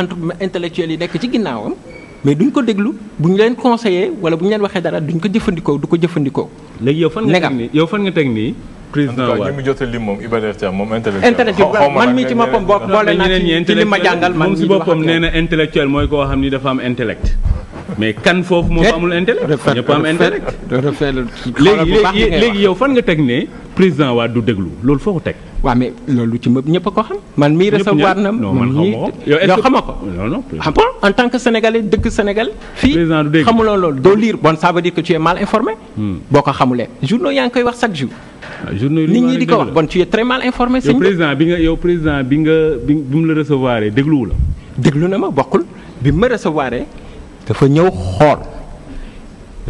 entre intellectuels yi nekk ci ginnaawam mais duñ ko déglu bu ñu leen conseillé wala bu ñu leen waxee dara duñ ko jëfandikoo du ko jëfandikoo. léegi yow fan nga teg nii président waa du déglu loolu foo ko teg. waaw mais loolu ci ñëpp a ko xam. man mii recevoir na ma man mii yow xama ko. non non ah en tant que sénégalais dëkk Sénégal. fii xamuloo loolu doo lire bon ça veut dire que tu es mal informé. Hmm. boo ko xamulee journaux yaa ngi koy wax chaque jour. Ah, nit ñi di ko wax bon tu es très mal bi président bi nga yow président bi nga bi mu la recevoir dégluwu la. déglu na ma bokkul bi ma recevoir dafa ñëw xool.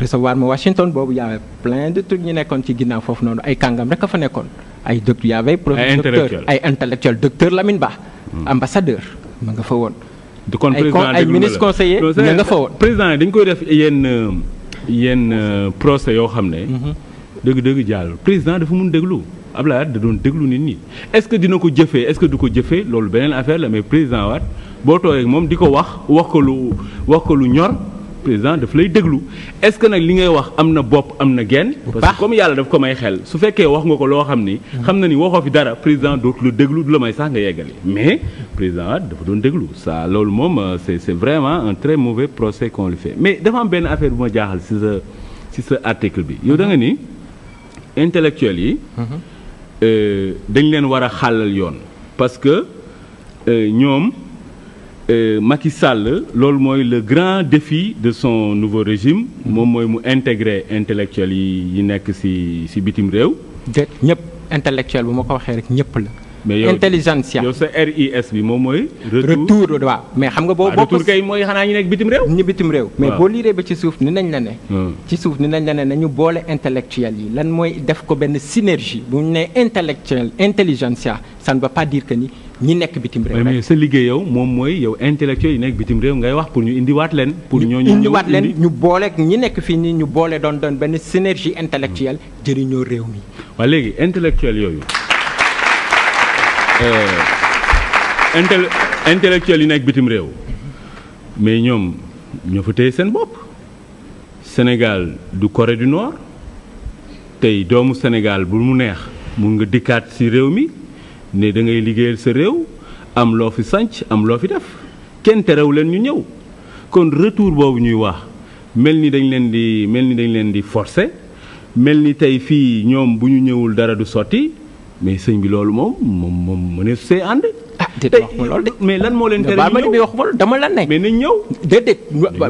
recevoir ma Washington boobu y avait plein de trucs ñu nekkoon ci ginnaaw foofu noonu ay kàngam rek a fa nekkoon ay doc y avait professeur ay intellectuel docteur Lamine Ba hmm. ambassadeur ma nga fa woon kon président ay ministre euh, procès yoo xam ne dëgg-dëgg mhm. jàll président dafa mun déglu Abdoulaye Wade da doon déglu nit ñi est-ce que dina ko jëfee est-ce que du ko jëfee loolu beneen affaire la mais président Wade boo toogee moom di ko wax wax ko lu wax ko lu ñor président daf lay déglu est-ce que nag li ngay wax am na bopp am na genn parce que comme yàlla daf ko may xel su fekkee wax nga ko loo xam ni hmm. xam na ni waxoo fi dara président dootu la déglu du la may sax nga yeggali mais président dafa doon déglu ça loolu moom euh, c'est c'est vraiment un très mauvais procès qu'on lui fait mais dafa am benn affaire bu ma jaaxal ci sa ci sa article bi yow da nga hmm. ni intellectuels yi hmm. euh, dañ leen war a xàllal yoon parce que euh, ñoom Euh, Macky Sall loolu mooy le grand défi de son nouveau régime moom mooy mu intégrer intellectuels yi yi nekk ci ci bitim réew. déet ñëpp intellectuel bu ma ko waxee rek ñëpp la. mais yow sa RIS bi moom mooy. retour waaw mais xam nga boo. Ah, bokk retour mooy xanaa ñu nekk bitim réew. ñu bitim réew mais boo liiree ba ci suuf ni nañ la ne. Hmm. ci suuf ni nañ la ne nañu boole intellectuel yi lan mooy def ko benn synergie bu ñu nee intellectuel intelligentsia san ne veut pas ni ñi nekk bitim réew. sa liggéey yow moom mooy yow intellectuel yi nekk bitim réew ngay wax pour ñu indiwaat leen. pour ñooñu indiwaat leen ñu boole ñi nekk fii nii ñu boole doon doon benn synergie intellectuelle jëriñoo réew mi. waa léegi intellectuel yooyu Eh. intel intellectuel yi nekk bitim réew mais ñoom ñoo fa téye seen bopp Sénégal du Corée du Nord tey doomu Sénégal bu mu neex mun nga dikkaat ci réew mi ne da ngay liggéeyal sa réew am loo fi sanc am loo fi def kenn terew leen ñu ñëw kon retour boobu ñuy wax mel ni dañ leen di mel ni dañ leen di forcer mel ni tey fii ñoom bu ñu ñëwul dara du sotti mais sëñ bi loolu moom moom moom mënees see ànd. ah déedéet wax ma de mais lan moo leen tere ñëw bi wax dama la ne. mais nañ ñëw. déedéet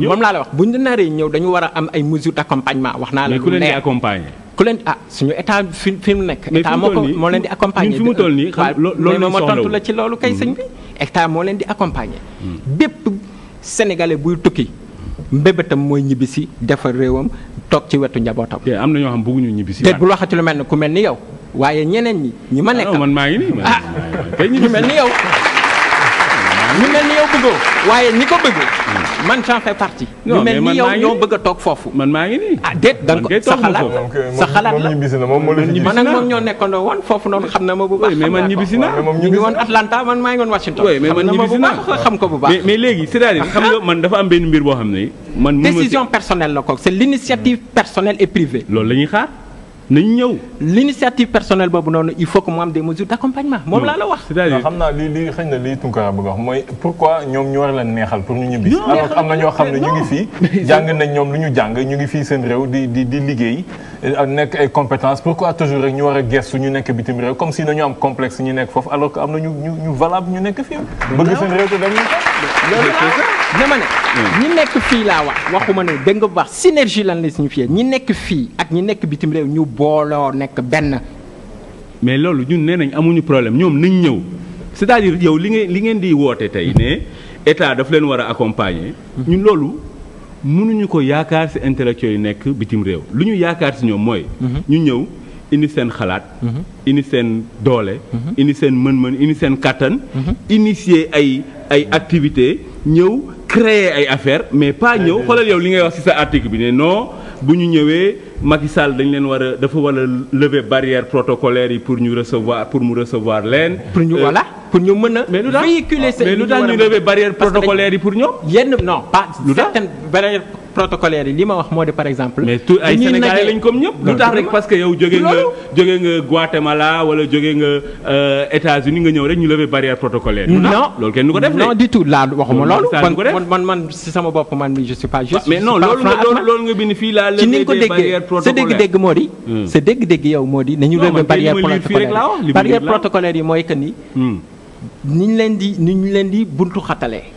moom laa la wax bu ñu naree ñëw dañu war a am ay mesures d' accompagnement wax naa la. mais ku leen di accompagner. ah suñu état fi fi mu nekk. état moo ko moo leen di accompagner. fi mu toll nii xam loolu ma tontu loolu kay sëñ bi. Mm-hmm. moo leen di accompagner. Mm-hmm. bépp sénégalais buy tukki. mbébétam mooy ñibbisi defar réewam toog ci wetu njabootam. te am na ñoo xam bëgguñu ñibbisi. te bul waxati lu mel ne ku mel ni yow waaye ñeneen ñi ñi ma nekk ah man maa ngi nii ah kay ñu mel ni yow ñu mel ni yow bëggoo waaye ni ko bëgg hmm. man j'en fais partie ñu mel ni yow ñoo bëgg a toog foofu man maa ngi nii ah déet da nga ko sa xalaat la man ak moom ñoo nekkandoo woon foofu ma man ñibbisi na ñu ngi woon Atlanta man maa ngi Washington mais man ñibbisi na xam ko bu baax mais léegi cest à ah. man dafa am benn mbir boo xam ne man décision personnelle la ko c'est l'initiative personnelle et loolu la ñuy xaar nañu ñëw l'initiative personnelle boobu noonu il faut que mu am des mesures d'accompagnement moom laa la hmm. wax cest xam naa lii lii na lii Tunkara bëgg wax mooy pourquoi ñoom ñu war leen neexal pour ñu ñibbi alors am na ñoo xam ne ñu ngi fii jàng nañ ñoom lu ñu jàng ñu ngi fii seen réew di di di liggéey euh, nekk ay compétences pourquoi toujours rek ñu war a gëstu ñu nekk bitim réew comme si nañu am complexe ñu nekk foofu alors que am na ñu ñu valable ñu nekk fi loolu dama ne ñi nekk fii laa wax waxuma ne dégg ba wax lan la signifié ñi nekk fii ak ñi nekk bitim réew ñu booloo nekk benn mais loolu ñun nee nañ amuñu problème ñoom nañ ñëw c'est-à-dire yow li ngeen li ngeen di woote tey ne état daf leen war a accompagner hmm. ñun loolu mënuñu ko yaakaar si intellectuels yi nekk bitim réew lu ñu yaakaar si ñoom mooy hmm. ñu ñëw indi seen xalaat. Mhm. indi seen doole. Mhm. indi seen mën-mën indi seen kàttan. Mhm. initier ay ay activités ñëw créer ay affaires mais pas ñëw xoolal yow li ngay wax ci sa article bi ne non bu ñu ñëwee Macky Sall dañ leen war a dafa war a lever barrière protocolaire yi pour ñu recevoir pour mu recevoir leen. pour ñu euh, voilà pour ñu mën a. mais lu tax ah, mais lu tax ñu lever barrière protocolaire yi pour ñoom. yenn non pas certaines barrières protocolaire yi ma wax moo di par exemple. mais tout ay sénégalais lañ lu tax rek parce que yow jóge nga jóge nga jóge nga euh, États-Unis nga ñëw rek ñu lever barrière protocolaire. non loolu kenn du ko def non du laa waxuma loolu. man man man sama bopp man je suis pas juste. Ah, mais non loolu nga loolu nga bind fii laa lever ni nga sa dégg-dégg moo di. Hmm. sa dégg-dégg yow moo di nañu lever barrière protocolaire barrière protocolaire yi mooy que ni. Hmm. ni ñu leen di ni ñu leen di buntu xatalee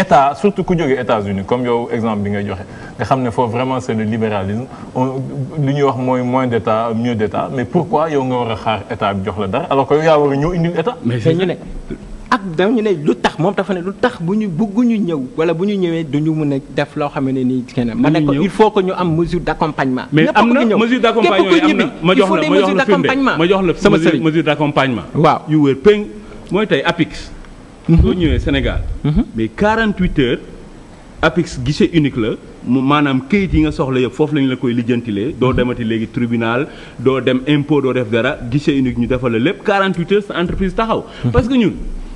état surtout ku jógee États-Unis comme yow exemple bi ngay joxe nga xam ne foofu vraiment c'est le libéralisme li ñuy wax mooy moins d'état mieux d'état mais pourquoi yow nga war a xaar état bi jox la dara alors que yow yaa war a ñëw indil état. mais ñu ne ak dañu ne lu tax moom dafa ne lu tax bu ñu bëgguñu ñëw wala bu ñu ñëwee du duñu mën a def loo xam ne nii kenn ma ne ko il faut que ñu am mesure d'accompagnement. mais am na mesure d'accompagnement yi am na ma jox la ma jox la firnde ma jox la mesure Mhm. soo ñëwee Sénégal. Mhm. mais 48 heures. APIX guichet unique la mu maanaam kayit yi nga soxla yëpp foofu lañ la koy lijjantilee mhm. doo demati léegi tribunal doo dem impôt doo def dara guichet unique ñu defal la lépp 48 heures sa entreprise taxaw. parce que ñun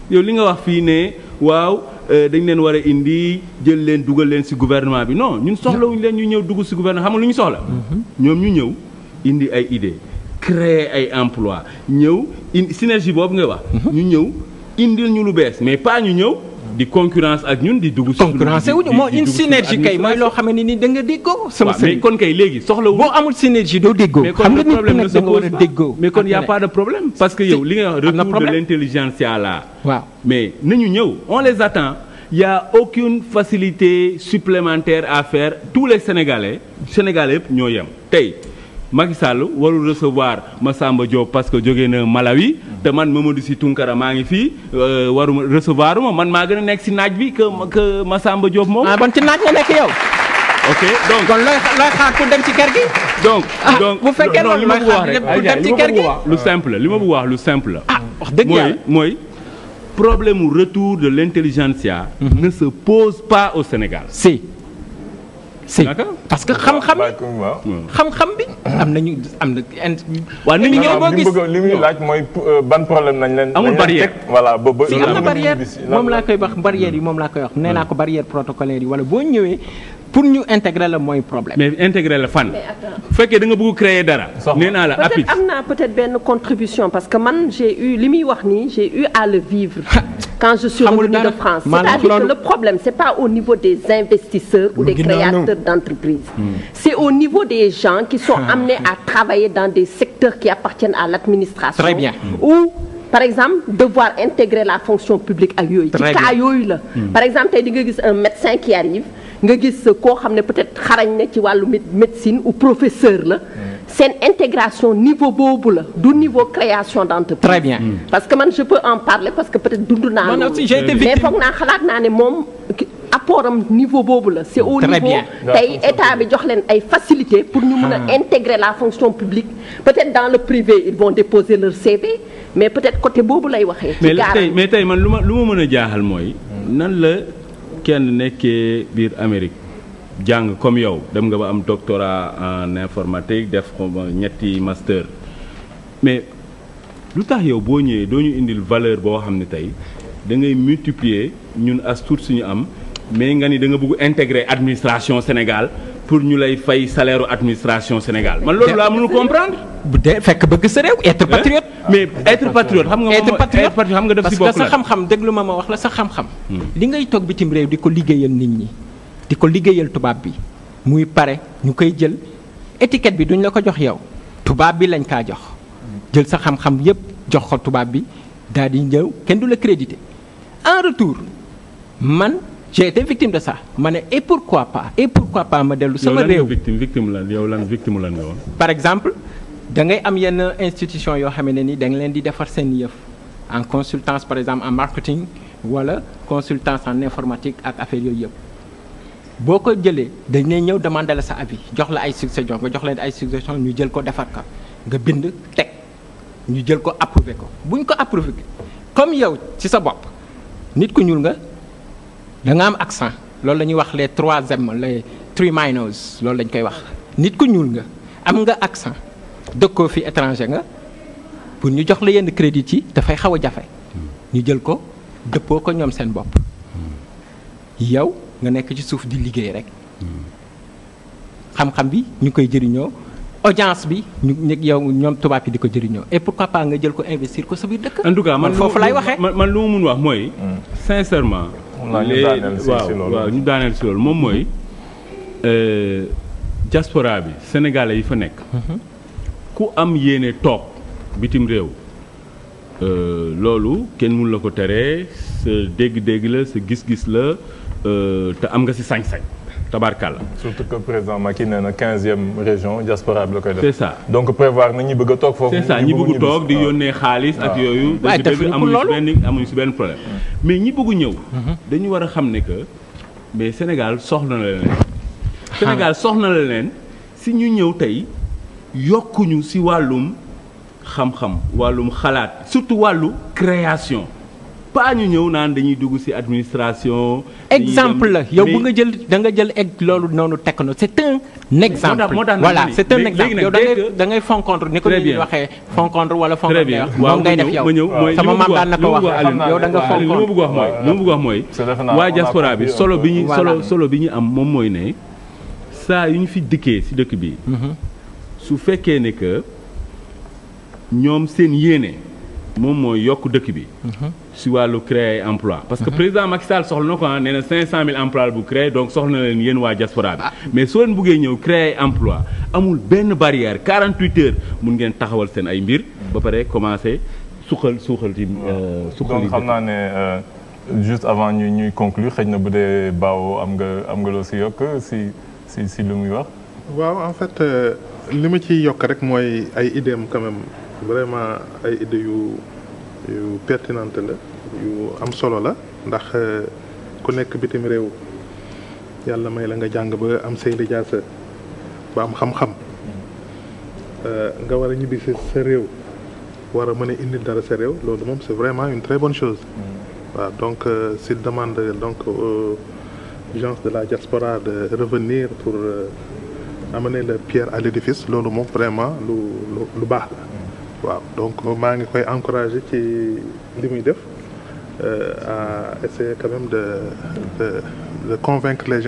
yow li nga wax fii ne waaw euh, dañ leen war indi jël leen dugal leen ci gouvernement bi non ñun soxlawuñ leen ñu ñëw dugg ci gouvernement xam nga lu ñu soxla. ñoom ñu ñëw indi ay idées créer ay emplois ñëw in boobu nga wax. ñu ñëw. indil ñu lu bees mais pas ñu ñëw di concurrence ak ñun di dugg. concurrence wuñu moo une synergie kay mooy loo xam ni da nga déggoo. sama sëriñ mais kon kay léegi soxla wu. boo amul synergie doo déggoo. xam nga nit ku nekk da nga war a déggoo. mais kon y' a pas de problème. parce que yow li nga wax retour de l' intelligentsia là. waaw mais nañu ñëw on les attend. y' a facilité supplémentaire à faire tous les sénégalais sénégalais yëpp ñoo yem tey. Macky Sall warul ma Massamba Diop parce que jóge na Malawi te man Mamadou Sy Tounkara maa ngi fii euh, waruma recevoir ma man maa gën a nekk si naaj bi que que Massamba Diop moom. ah bon ci naaj nga nekk yow. ok looy looy xaar dem ci kër gi. donc ah, bu fekkee loolu li ma bëgg wax lu simple li ma bëgg lu simple la. Ah, wax dëgg yàlla mooy mooy problème mu retour de l' intelligentsia. Mhm. ne se pose pas au Sénégal. si parce que xam-xam xam-xam bi am nañu am na waaw nit ñi ñëw boo gis li muy laaj mooy euh, ban problème nañ leen amul barrière voilà boobu si am na barrière moom laa koy wax barrière yi moom laa koy wax nee naa ko barrière protocolaire yi wala boo ñëwee pour ñu intégrer la mooy problème. mais intégrer la fan. bu fekkee da nga bëgg créer dara. nee naa la appui am na peut-être benn contribution parce que man j'ai eu li muy wax nii j'ai eu à le vivre. quand je suis revenu de France c'est-à-dire que le problème c'est pas au niveau des investisseurs ou des créateurs d'entreprises hmm. c'est au niveau des gens qui sont ah. amenés à travailler dans des secteurs qui appartiennent à l'administration très bien ou par exemple devoir intégrer la fonction publique ak yooyu ci cas yooyu la hmm. par exemple tey di nga gis un médecin qui arrive nga gis koo xam ne peut-être xarañ na ci wàllu médecine ou professeur la hmm. seen intégration niveau boobu la du niveau création d'entreprise. très bien hmm. parce que man je peux en parler parce que peut-être dund naa. man hmm. mais foog naa xalaat naa ne moom apport am niveau boobu la. c'est au niveau tey état bi jox leen ay facilités pour ñu mën a hmm. intégrer la fonction publique peut-être dans le privé ils vont déposer leur CV mais peut-être côté boobu lay waxee. mais tey mais tey man lu ma lu ma mën a jaaxal mooy. nan la kenn nekkee biir Amérique. jàng comme yow dem nga ba am doctorat en informatique def ñetti master mais lu tax yow boo ñëwee doo ñu indil valeur boo xam ne tey da ngay multiplier ñun as tuut suñu am mais nga ni danga nga bëgg intégrer administration Sénégal pour ñu lay fay salaire administration Sénégal man loolu laa mënul comprendre. de fekk bëgg sa réew être eh? patriote. mais être patriote xam nga xam nga def si bokk la parce que sa xam-xam déglu ma ma wax la sa xam-xam. Hmm. li ngay toog bitim réew di ko liggéeyal nit ñi. di ko liggéeyal tubaab bi muy pare ñu koy jël étiquette bi duñ la ko jox yow tubaab bi lañ kaa jox jël sa xam-xam yépp jox ko tubaab bi daal di ñëw kenn du la crédité en retour man j'ai été victime de ça ma ne et pourquoi pas et pourquoi pas ma dellu sama réew victime victime lan yow lan victime lan par exemple da am yenn institution yoo xam ne ni da leen di defar seen yëf en consultance par exemple en marketing wala consultance en informatique ak affaire yooyu yëpp boo ko jëlee dañ lay ñëw demandé la sa avis jox la ay suggestion nga jox leen ay suggestion ñu jël ko defar ko nga bind teg ñu jël ko approuvé ko buñ ko approuvé comme yow ci sa bopp nit ku ñuul nga da nga am accent loolu la ñuy wax les trois M les three minors loolu lañ koy wax nit ku ñuul nga am nga accent dëkkoo fi étranger nga pour ñu jox la yenn crédit yi dafay xaw a jafe hmm. ñu jël ko dëppoo ko ñoom seen bopp hmm. nga nekk ci suuf di liggéey rek hmm. xam-xam bi ñu koy jëriñoo audience bi ñu nekk yow ñoom tubaab yi di ko jëriñoo et pourquoi pas nga jël ko investir ko sa biir dëkk. en tout cas foofu lay waxee man lu ma wax mooy. Hmm. sincèrement. waaw waaw ñu daaneel si loolu moom mooy. Hmm. Euh, diaspora bi sénégalais yi fa nekk. ku am yéene toog bitim réew. Euh, loolu kenn mun la ko teree sa dégg-dégg la sa gis-gis la. Euh, te am nga si sañ-sañ tabarkàlla. surtout que président Macky nee na quinzième région diaspora bi la koy na ñi bëgg a toog foofu. ñi bëgg di yónnee xaalis ak yooyu. waaye defuñu ko loolu amuñu benn si benn problème. Mm-hmm. mais ñi bëgg ñëw. dañu war a xam ne que mais Sénégal soxla na leen. Sénégal soxla na leen si ñu ñëw tey yokkuñu si wàllum xam-xam wàllum xalaat surtout wàllu création. pas ñu ñëw naan dañuy dugg ci administration. exemple la yow bu nga jël da nga jël egg loolu noonu techno c'est un exemple. voilà c'est un exemple yow da ngay da ngay foncontre ni ko nit ñi waxee. foncontre wala foncontre ngay wax moom ngay def yow. sama maam daan na ko wax yow da nga foncontre li ma bëgg wax mooy li ma bëgg wax mooy. waa diaspora bi solo bi ñu solo solo bi ñu am moom mooy ne saa yu ñu fi dikkee ci dëkk bi. Mhm. su fekkee ne que ñoom seen yéene. moom mooy yokk dëkk bi. Mhm. si wàllu créer emploi parce que mhm. président Macky Sall soxla na ko ah nee na 500000 emplois bu créer donc soxla na leen yéen waa diaspora bi. Ah. mais soo leen ñëw créer emploi amul benn barrière 48 heures mun ngeen taxawal seen ay mbir. ba pare commencé suqal suqal ci. Euh, suqal donc xam naa ne euh, juste avant ñu ñuy conclure xëy na bu dee baaw am am nga si yokk si si si lu muy wax. waaw en fait euh, li ma ci yokk rek mooy ay idéem quand même. vraiment ay idées yu yu pertinente la yu am solo la ndax euh, ku nekk bitim réew yàlla may la nga jàng ba am say lijaasa ba am xam-xam euh, nga war a ñibbi sa réew war a mën indi dara sa réew loolu moom c'est vraiment une très bonne chose mm. waaw donc euh, si demande donc aux gens de la diaspora de revenir pour amener leur pierre à l'édifice loolu moom vraiment lu lu baax la waaw donc maa ngi koy encourager ci li def euh, à essayer quand même de de de convaincre les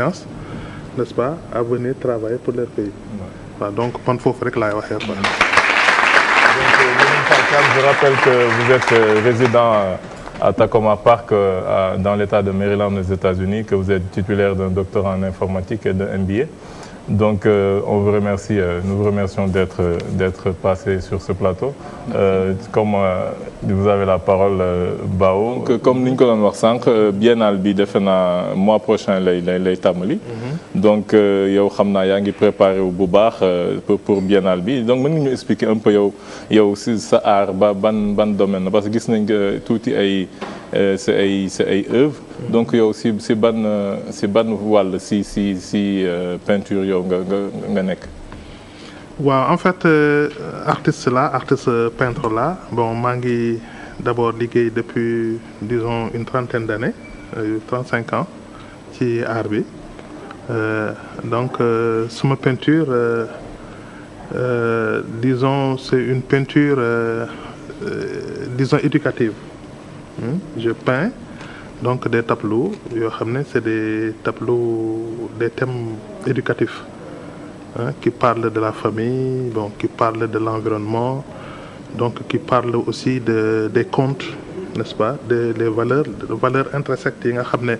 nest pas à venir travailler pour leur pays. donc man foofu rek laay waxee quoi. donc euh, je rappelle que vous êtes euh, résident à Takoma Park dans l'État de Maryland aux États-Unis que vous êtes titulaire d'un doctorat en informatique et d'un MBA. Donc, euh, on vous remercie, euh, nous vous remercions d'être, euh, d'être passé sur ce plateau. Euh, comme euh, vous avez la parole, Bao. Donc, comme nous l'avons wax sànq biennale bi defe naa mois prochain le lay lay tàmbali. Mhm. donc yow xam naa yaa ngi préparé wu bu baax pour biennale bi donc mën ñu expliquer un peu yow yow si sa art ba ban ban domaine parce que gis nañ tout tuuti ay. si ay ay mhm. donc yow si si ban si ban wàll si si si peinture yow. yow nga nekk. waa en fait euh, artiste là artiste peintre là bon maa ngi d'abord liggéey depuis disons une trentaine d'années euh, trente cinq ans ci art bi euh, donc euh, suma peinture euh, euh disons c'est une peinture disons éducative hmm? je peins. donc des tableaux yoo xam ne c'est des tableaux des thèmes éducatifs hein, qui parlent de la famille donc qui parle de l'environnement donc qui parlent aussi de des contes n'est-ce pas de les valeurs de valeurs yi nga xam ne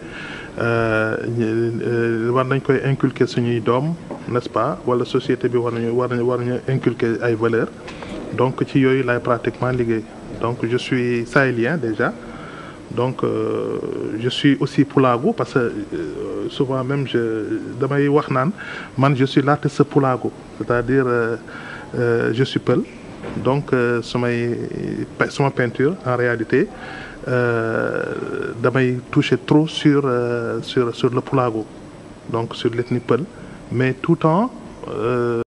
euh, war nañ koy inculquer suñuy doom nest pa wala société bi war nañu war nañu war nañu inculquer ay valeurs donc ci yooyu laay pratiquement liggéey donc je suis sahélien déjà donc euh, je suis aussi Pulaagu parce que euh, souvent même damay wax naan man je suis l'artiste Pulaagu c'est-à-dire euh, euh, je suis Peul donc euh, sumay suma peinture en réalité damay toucher trop sur sur sur le Pulaagu donc sur l'ethnie Peul mais tout en